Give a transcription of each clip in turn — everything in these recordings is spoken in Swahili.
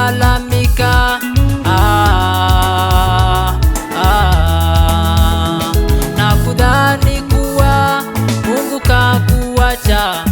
kulalamika ah, ah, na kudhani kuwa Mungu kakuacha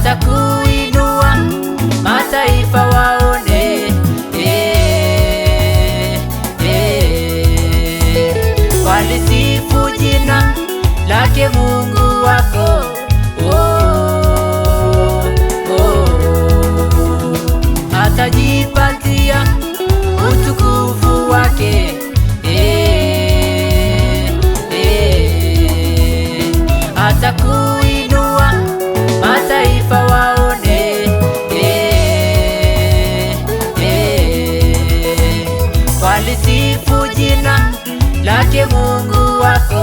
atakuinua mataifa waone, eh, eh, eh, walisifu jina lake Mungu wako Mungu wako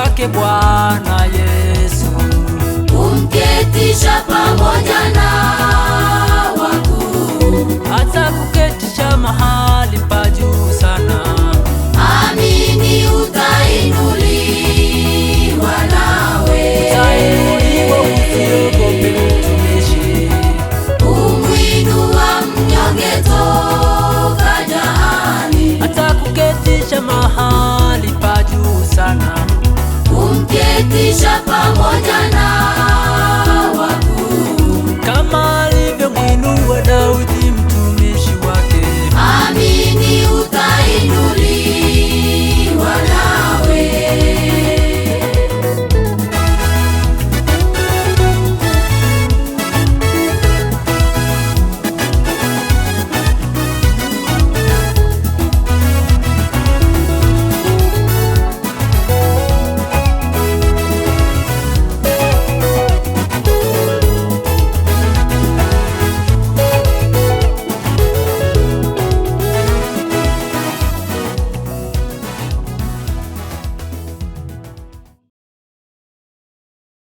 kwake Bwana Yesu, kumketisha pamoja na wakuu, hata kuketisha mahali pa